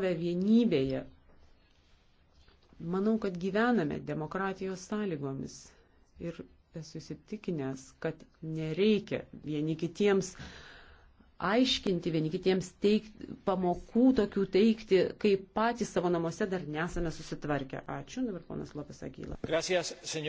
vienybėje. Manau, kad gyvename demokratijos sąlygomis ir esu įsitikinęs, kad nereikia vieni kitiems aiškinti, vieni kitiems teikti, pamokų tokių teikti, kai patys savo namuose dar nesame susitvarkę. Ačiū, dabar ponas Lopes Agyla. Gracias,